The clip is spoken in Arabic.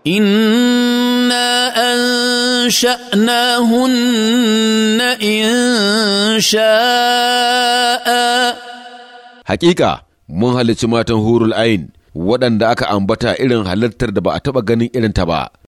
انا انشاناهن ان شاء حقيقه من هالتي ماتن العين ودن داك امبتا ايرن هالتر دبا غني ايرن تبا